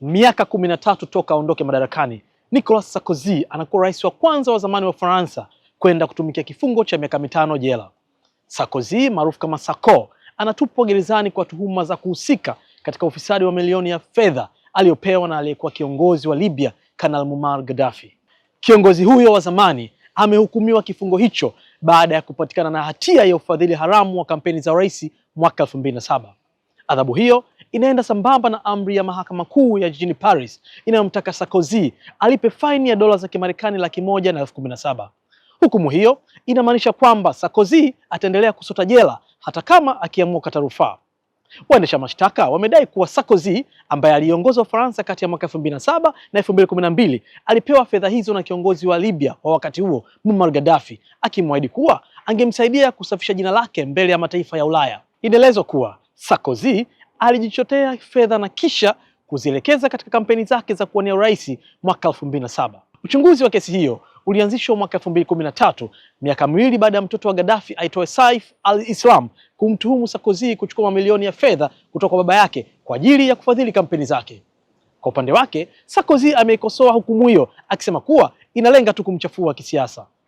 miaka kumi na tatu toka aondoke madarakani, Nicolas Sarkozy anakuwa rais wa kwanza wa zamani wa Ufaransa kwenda kutumikia kifungo cha miaka mitano jela. Sarkozy maarufu kama Sarko anatupwa gerezani kwa tuhuma za kuhusika katika ufisadi wa milioni ya fedha aliyopewa na aliyekuwa kiongozi wa Libya Kanal Muammar Gaddafi. Kiongozi huyo wa zamani amehukumiwa kifungo hicho baada ya kupatikana na hatia ya ufadhili haramu wa kampeni za rais mwaka 2007. Adhabu hiyo inaenda sambamba na amri ya mahakama kuu ya jijini Paris inayomtaka Sarkozy alipe faini ya dola za Kimarekani laki moja na elfu kumi na saba. Hukumu hiyo inamaanisha kwamba Sarkozy ataendelea kusota jela hata kama akiamua kata rufaa. Waendesha mashtaka wamedai kuwa Sarkozy ambaye aliongoza Ufaransa kati ya mwaka mbili na kumi na mbili alipewa fedha hizo na kiongozi wa Libya wa wakati huo Muammar Gaddafi, akimwahidi kuwa angemsaidia kusafisha jina lake mbele ya mataifa ya Ulaya. Inaelezwa kuwa Sarkozy alijichotea fedha na kisha kuzielekeza katika kampeni zake za kuwania urais mwaka 2007. Uchunguzi wa kesi hiyo ulianzishwa mwaka 2013, miaka miwili baada ya mtoto wa Gaddafi aitwaye Saif al-Islam kumtuhumu Sarkozy kuchukua mamilioni ya fedha kutoka kwa baba yake kwa ajili ya kufadhili kampeni zake. Kwa upande wake, Sarkozy ameikosoa hukumu hiyo akisema kuwa inalenga tu kumchafua kisiasa.